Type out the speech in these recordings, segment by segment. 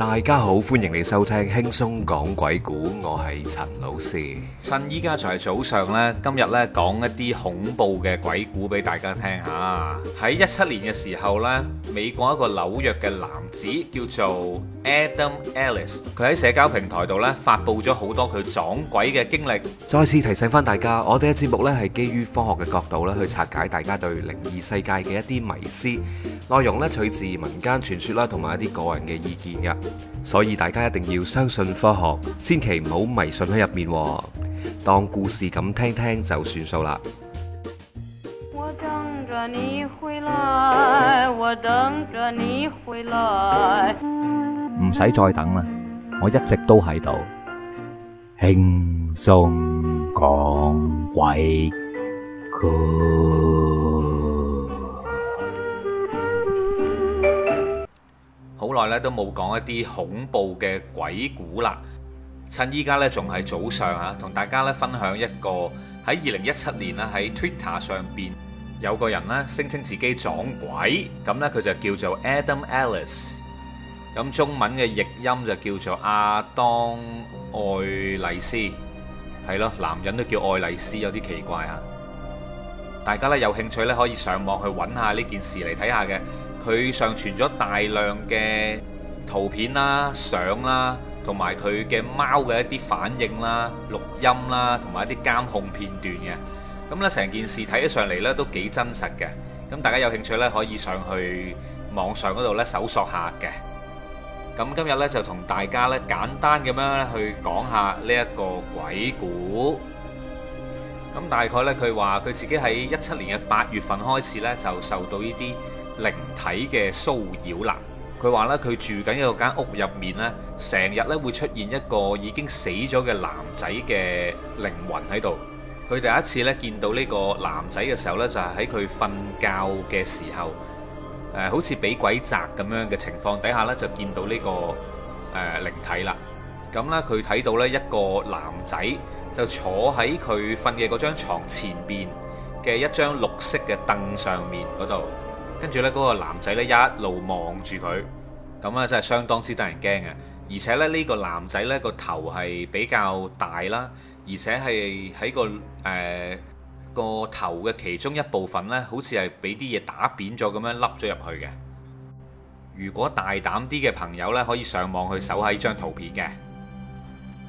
大家好，歡迎你收聽輕鬆講鬼故。我係陳老師。趁依家就係早上咧，今日咧講一啲恐怖嘅鬼故俾大家聽下。喺一七年嘅時候咧，美國一個紐約嘅男子叫做。Adam Ellis，佢喺社交平台度咧發佈咗好多佢撞鬼嘅經歷。再次提醒翻大家，我哋嘅節目咧係基於科學嘅角度咧，去拆解大家對靈異世界嘅一啲迷思。內容咧取自民間傳說啦，同埋一啲個人嘅意見嘅，所以大家一定要相信科學，千祈唔好迷信喺入面，當故事咁聽聽就算數啦。我等住你回來，我等住你回來。唔使再等啦，我一直都喺度。輕鬆講鬼故，好耐咧都冇講一啲恐怖嘅鬼故啦。趁依家咧仲係早上啊，同大家咧分享一個喺二零一七年啦，喺 Twitter 上邊有個人咧聲稱自己撞鬼，咁咧佢就叫做 Adam Ellis。咁中文嘅譯音就叫做亞當愛麗絲，係咯，男人都叫愛麗絲，有啲奇怪啊！大家咧有興趣咧可以上網去揾下呢件事嚟睇下嘅。佢上傳咗大量嘅圖片啦、相啦，同埋佢嘅貓嘅一啲反應啦、錄音啦，同埋一啲監控片段嘅。咁咧成件事睇起上嚟咧都幾真實嘅。咁大家有興趣咧可以上去網上嗰度咧搜索下嘅。咁今日呢，就同大家呢簡單咁樣去講下呢一個鬼故。咁大概呢，佢話佢自己喺一七年嘅八月份開始呢，就受到呢啲靈體嘅騷擾啦。佢話呢，佢住緊一個間屋入面呢，成日呢會出現一個已經死咗嘅男仔嘅靈魂喺度。佢第一次呢見到呢個男仔嘅時候呢，就係喺佢瞓覺嘅時候。就是誒、呃、好似俾鬼擸咁樣嘅情況底下呢就見到呢、呢個誒、呃、靈體啦。咁呢，佢睇到呢一個男仔就坐喺佢瞓嘅嗰張床前邊嘅一張綠色嘅凳上面嗰度，跟住呢，嗰、嗰個男仔呢一路望住佢。咁咧真係相當之得人驚嘅，而且咧呢、呢個男仔呢個頭係比較大啦，而且係喺個誒。呃個頭嘅其中一部分呢，好似係俾啲嘢打扁咗咁樣，凹咗入去嘅。如果大膽啲嘅朋友呢，可以上網去搜下呢張圖片嘅。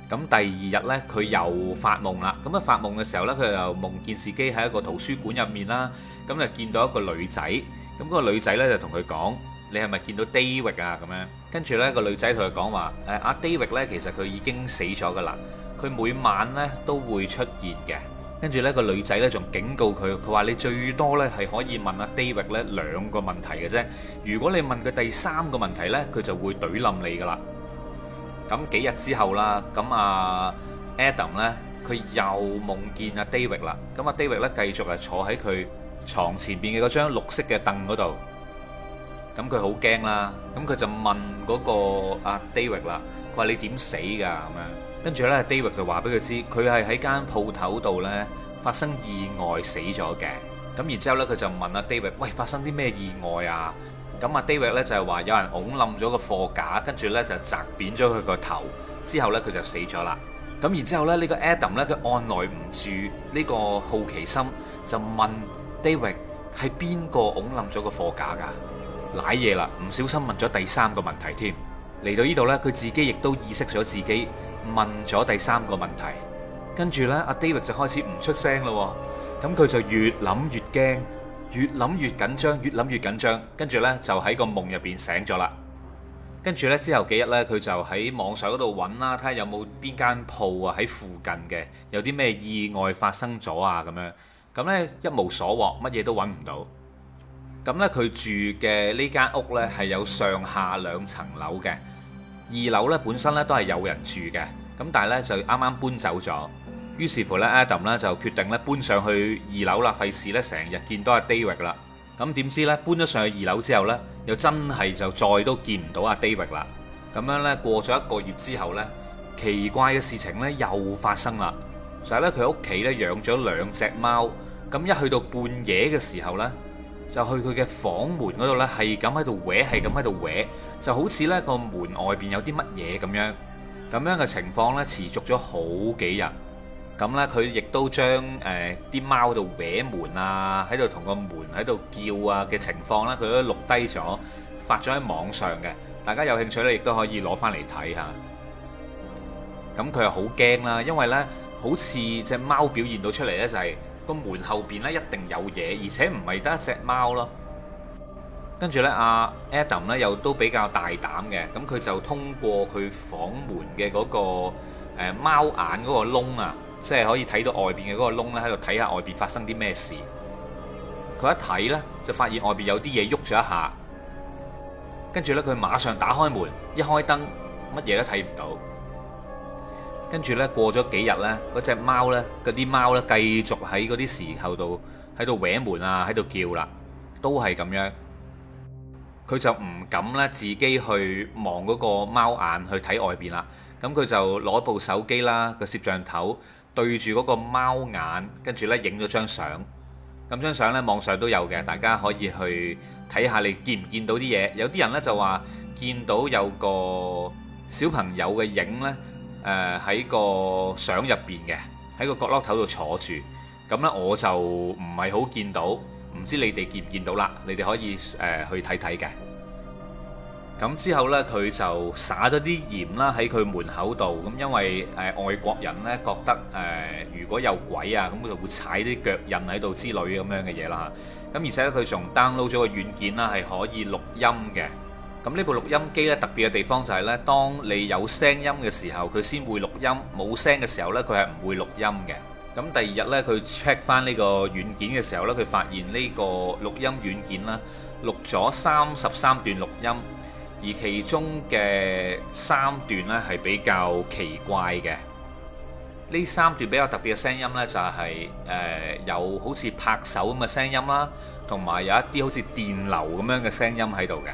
咁第二日呢，佢又發夢啦。咁啊發夢嘅時候呢，佢又夢見自己喺一個圖書館入面啦。咁就見到一個女仔。咁、那、嗰個女仔呢，就同佢講：你係咪見到 David 啊？咁樣。跟住呢、嗰個女仔同佢講話：阿、啊、David 呢，其實佢已經死咗噶啦。佢每晚呢，都會出現嘅。跟住呢，個女仔呢，仲警告佢，佢話你最多呢係可以問阿 David 呢兩個問題嘅啫，如果你問佢第三個問題呢，佢就會懟冧你噶啦。咁幾日之後啦，咁阿 Adam 呢，佢又夢見阿 David 啦。咁阿 David 呢，繼續係坐喺佢牀前邊嘅嗰張綠色嘅凳嗰度。咁佢好驚啦，咁佢就問嗰個阿 David 啦，佢話你點死㗎咁樣？跟住咧，David 就話俾佢知，佢係喺間鋪頭度呢發生意外死咗嘅。咁然之後咧，佢就問阿 David：喂，發生啲咩意外啊？咁阿 David 咧就係話有人㧬冧咗個貨架，跟住呢就砸扁咗佢個頭之後呢，佢就死咗啦。咁然之後咧，呢個 Adam 呢，佢按耐唔住呢個好奇心就問 David 係邊個㧬冧咗個貨架㗎？瀨嘢啦，唔小心問咗第三個問題添。嚟到呢度呢，佢自己亦都意識咗自己。問咗第三個問題，跟住呢，阿 David 就開始唔出聲咯，咁佢就越諗越驚，越諗越緊張，越諗越緊張，跟住呢，就喺個夢入邊醒咗啦。跟住呢，之後幾日呢，佢就喺網上嗰度揾啦，睇下有冇邊間鋪啊喺附近嘅，有啲咩意外發生咗啊咁樣，咁呢，一無所獲，乜嘢都揾唔到。咁呢，佢住嘅呢間屋呢，係有上下兩層樓嘅。二樓咧本身咧都係有人住嘅，咁但係咧就啱啱搬走咗，於是乎咧 Adam 咧就決定咧搬上去二樓啦，費事咧成日見到阿 David 啦。咁點知咧搬咗上去二樓之後咧，又真係就再都見唔到阿 David 啦。咁樣咧過咗一個月之後咧，奇怪嘅事情咧又發生啦，就係咧佢屋企咧養咗兩隻貓，咁一去到半夜嘅時候咧，就去佢嘅房門嗰度呢係咁喺度搲，係咁喺度搲，就好似呢個門外邊有啲乜嘢咁樣，咁樣嘅情況呢，持續咗好幾日。咁呢，佢亦都將誒啲貓喺度搲門啊，喺度同個門喺度叫啊嘅情況呢，佢都錄低咗，發咗喺網上嘅。大家有興趣呢，亦都可以攞翻嚟睇下。咁佢又好驚啦，因為呢，好似隻貓表現到出嚟呢，就係，就係。個門後邊咧一定有嘢，而且唔係得一隻貓咯。跟住呢，阿 Adam 呢又都比較大膽嘅，咁佢就通過佢房門嘅嗰個誒貓眼嗰個窿啊，即係可以睇到外邊嘅嗰個窿咧，喺度睇下外邊發生啲咩事。佢一睇呢，就發現外邊有啲嘢喐咗一下，跟住呢，佢馬上打開門，一開燈，乜嘢都睇唔到。跟住咧，過咗幾日，呢嗰隻貓呢，嗰啲貓呢，繼續喺嗰啲時候度喺度搲門啊，喺度叫啦，都係咁樣。佢就唔敢呢，自己去望嗰個貓眼去睇外邊啦。咁佢就攞部手機啦，個攝像頭對住嗰個貓眼，跟住呢影咗張相。咁張相呢，網上都有嘅，大家可以去睇下，你見唔見到啲嘢？有啲人呢，就話見到有個小朋友嘅影呢。誒喺、呃、個相入邊嘅，喺個角落頭度坐住，咁呢，我就唔係好見到，唔知你哋見唔見到啦？你哋可以誒、呃、去睇睇嘅。咁之後呢，佢就撒咗啲鹽啦喺佢門口度，咁因為誒、呃、外國人呢覺得誒、呃、如果有鬼啊，咁佢就會踩啲腳印喺度之類咁樣嘅嘢啦嚇。咁而且呢佢仲 download 咗個軟件啦，係可以錄音嘅。咁呢部錄音機呢，特別嘅地方就係呢，當你有聲音嘅時候，佢先會錄音；冇聲嘅時候呢，佢係唔會錄音嘅。咁第二日呢，佢 check 翻呢個軟件嘅時候呢，佢發現呢個錄音軟件啦，錄咗三十三段錄音，而其中嘅三段呢係比較奇怪嘅。呢三段比較特別嘅聲音呢，就係誒有好似拍手咁嘅聲音啦，同埋有一啲好似電流咁樣嘅聲音喺度嘅。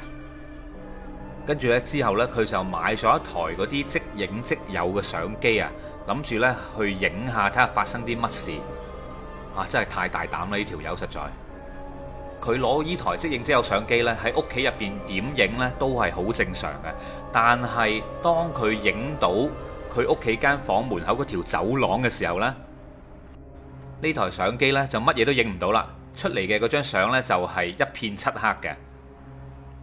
跟住咧，之後呢佢就買咗一台嗰啲即影即有嘅相機啊，諗住呢去影下睇下發生啲乜事。啊，真係太大膽啦！呢條友實在，佢攞呢台即影即有相機呢，喺屋企入邊點影呢都係好正常嘅。但係當佢影到佢屋企間房門口嗰條走廊嘅時候呢，呢台相機呢就乜嘢都影唔到啦，出嚟嘅嗰張相呢，就係一片漆黑嘅。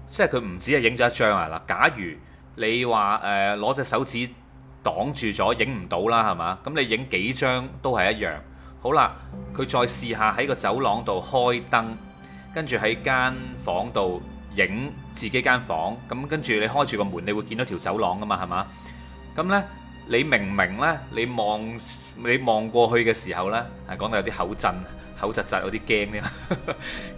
即係佢唔止係影咗一張啊！嗱，假如你話誒攞隻手指擋住咗影唔到啦，係嘛？咁你影幾張都係一樣。好啦，佢再試下喺個走廊度開燈，跟住喺間房度影自己間房。咁跟住你開住個門，你會見到條走廊噶嘛？係嘛？咁呢。你明明呢，你望你望過去嘅時候呢，係講到有啲口震口窒窒，有啲驚咧。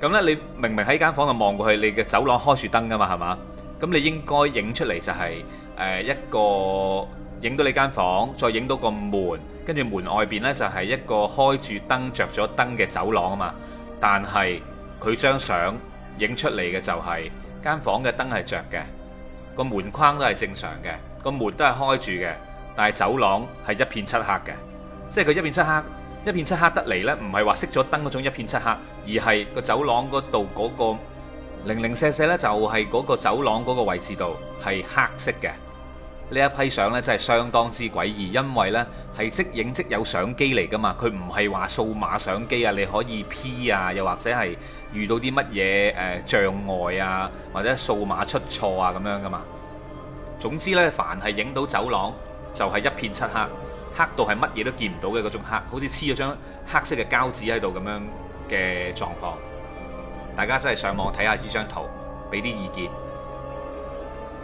咁咧，你明明喺間房度望過去，你嘅走廊開住燈噶嘛，係嘛？咁你應該影出嚟就係誒一個影到你間房，再影到個門，跟住門外邊呢，就係一個開住燈、着咗燈嘅走廊啊嘛。但係佢張相影出嚟嘅就係、是、間房嘅燈係着嘅，個門框都係正常嘅，個門都係開住嘅。但係走廊係一片漆黑嘅，即係佢一片漆黑，一片漆黑得嚟呢，唔係話熄咗燈嗰種一片漆黑，而係個走廊嗰、嗰度嗰個零零四四呢，就係嗰個走廊嗰個位置度係黑色嘅。呢一批相呢，真係相當之詭異，因為呢，係即影即有相機嚟噶嘛，佢唔係話數碼相機啊，你可以 P 啊，又或者係遇到啲乜嘢誒障礙啊，或者數碼出錯啊咁樣噶嘛。總之呢，凡係影到走廊，就係一片漆黑，黑到係乜嘢都見唔到嘅嗰種黑，好似黐咗張黑色嘅膠紙喺度咁樣嘅狀況。大家真係上網睇下呢張圖，俾啲意見。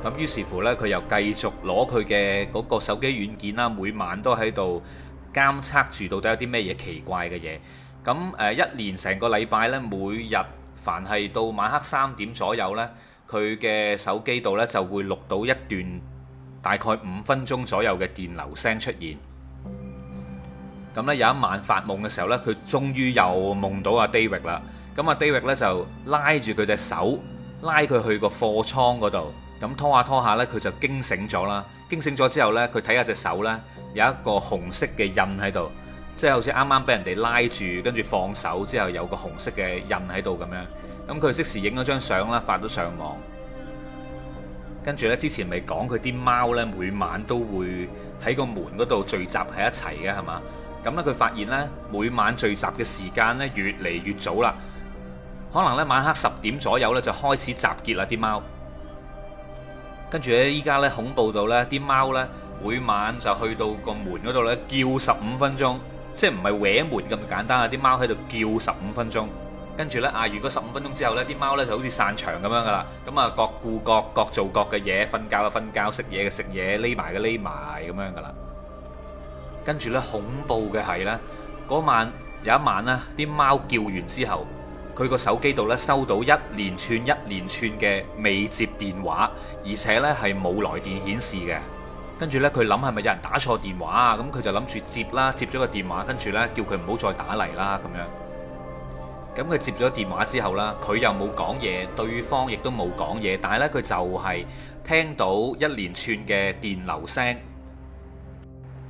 咁於是乎呢，佢又繼續攞佢嘅嗰個手機軟件啦，每晚都喺度監測住到底有啲咩嘢奇怪嘅嘢。咁誒，一連成個禮拜呢，每日凡係到晚黑三點左右呢，佢嘅手機度呢就會錄到一段。大概五分鐘左右嘅電流聲出現，咁咧有一晚發夢嘅時候終於呢，佢終於又夢到阿 David 啦。咁阿 David 咧就拉住佢隻手，拉佢去個貨倉嗰度，咁拖下拖下呢，佢就驚醒咗啦。驚醒咗之後呢，佢睇下隻手呢，有一個紅色嘅印喺度，即係好似啱啱俾人哋拉住，跟住放手之後有個紅色嘅印喺度咁樣。咁佢即時影咗張相啦，發咗上網。跟住呢，之前咪講佢啲貓呢，每晚都會喺個門嗰度聚集喺一齊嘅，係嘛？咁呢，佢發現呢，每晚聚集嘅時間呢，越嚟越早啦。可能呢，晚黑十點左右呢，就開始集結啦啲貓。跟住呢，依家呢，恐怖到呢，啲貓呢，每晚就去到個門嗰度呢，叫十五分鐘，即係唔係搲門咁簡單啊？啲貓喺度叫十五分鐘。跟住呢，啊！如果十五分鐘之後呢，啲貓呢，就好似散場咁樣噶啦，咁啊各顧各，各做各嘅嘢，瞓覺啊瞓覺，食嘢嘅食嘢，匿埋嘅匿埋咁樣噶啦。跟住呢，恐怖嘅係呢，嗰晚有一晚呢，啲貓叫完之後，佢個手機度呢，收到一連串一連串嘅未接電話，而且呢係冇來電顯示嘅。跟住呢，佢諗係咪有人打錯電話啊？咁，嗯，佢就諗住接啦，接咗個電話，跟住呢，叫佢唔好再打嚟啦咁樣。咁佢接咗電話之後啦，佢又冇講嘢，對方亦都冇講嘢，但係呢佢就係聽到一連串嘅電流聲，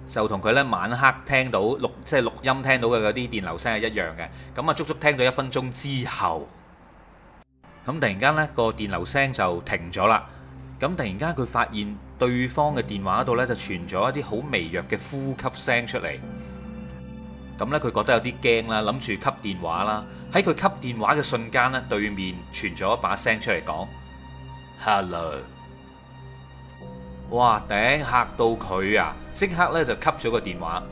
就同佢呢晚黑聽到錄即係錄音聽到嘅嗰啲電流聲係一樣嘅。咁啊，足足聽到一分鐘之後，咁突然間呢個電流聲就停咗啦。咁突然間佢發現對方嘅電話度呢就傳咗一啲好微弱嘅呼吸聲出嚟。咁咧，佢覺得有啲驚啦，諗住吸電話啦。喺佢吸電話嘅瞬間呢，對面傳咗一把聲出嚟講：Hello！哇，頂，嚇到佢啊！即刻咧就吸咗個電話。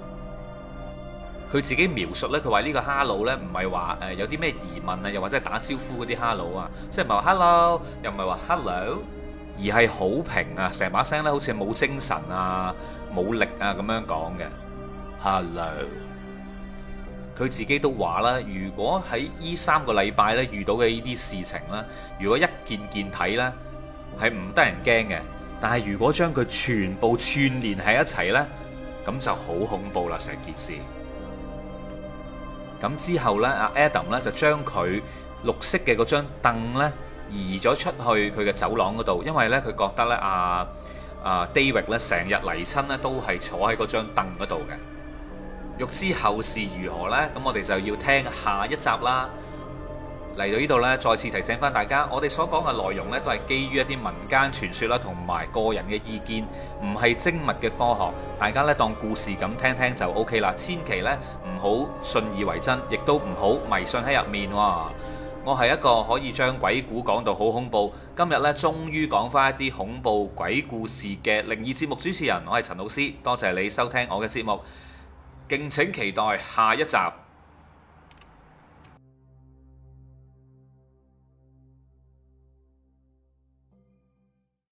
佢自己描述咧，佢話呢個 hello 咧唔係話誒有啲咩疑問啊，又或者係打招呼嗰啲 hello, hello, hello 啊，即係唔係話 hello，又唔係話 hello，而係好平啊，成把聲咧好似冇精神啊、冇力啊咁樣講嘅 hello。佢自己都話啦，如果喺依三個禮拜咧遇到嘅呢啲事情咧，如果一件件睇咧係唔得人驚嘅，但係如果將佢全部串聯喺一齊呢咁就好恐怖啦！成件事。咁之後呢阿 Adam 咧就將佢綠色嘅嗰張凳咧移咗出去佢嘅走廊嗰度，因為呢，佢覺得呢阿阿、啊啊、David 成日嚟親咧都係坐喺嗰張凳嗰度嘅。欲知後事如何呢？咁我哋就要聽下一集啦。嚟到呢度呢，再次提醒翻大家，我哋所講嘅內容呢，都係基於一啲民間傳說啦，同埋個人嘅意見，唔係精密嘅科學。大家呢，當故事咁聽聽就 OK 啦，千祈呢，唔好信以為真，亦都唔好迷信喺入面喎。我係一個可以將鬼故講到好恐怖，今日呢，終於講翻一啲恐怖鬼故事嘅靈異節目主持人。我係陳老師，多謝你收聽我嘅節目。敬請期待下一集。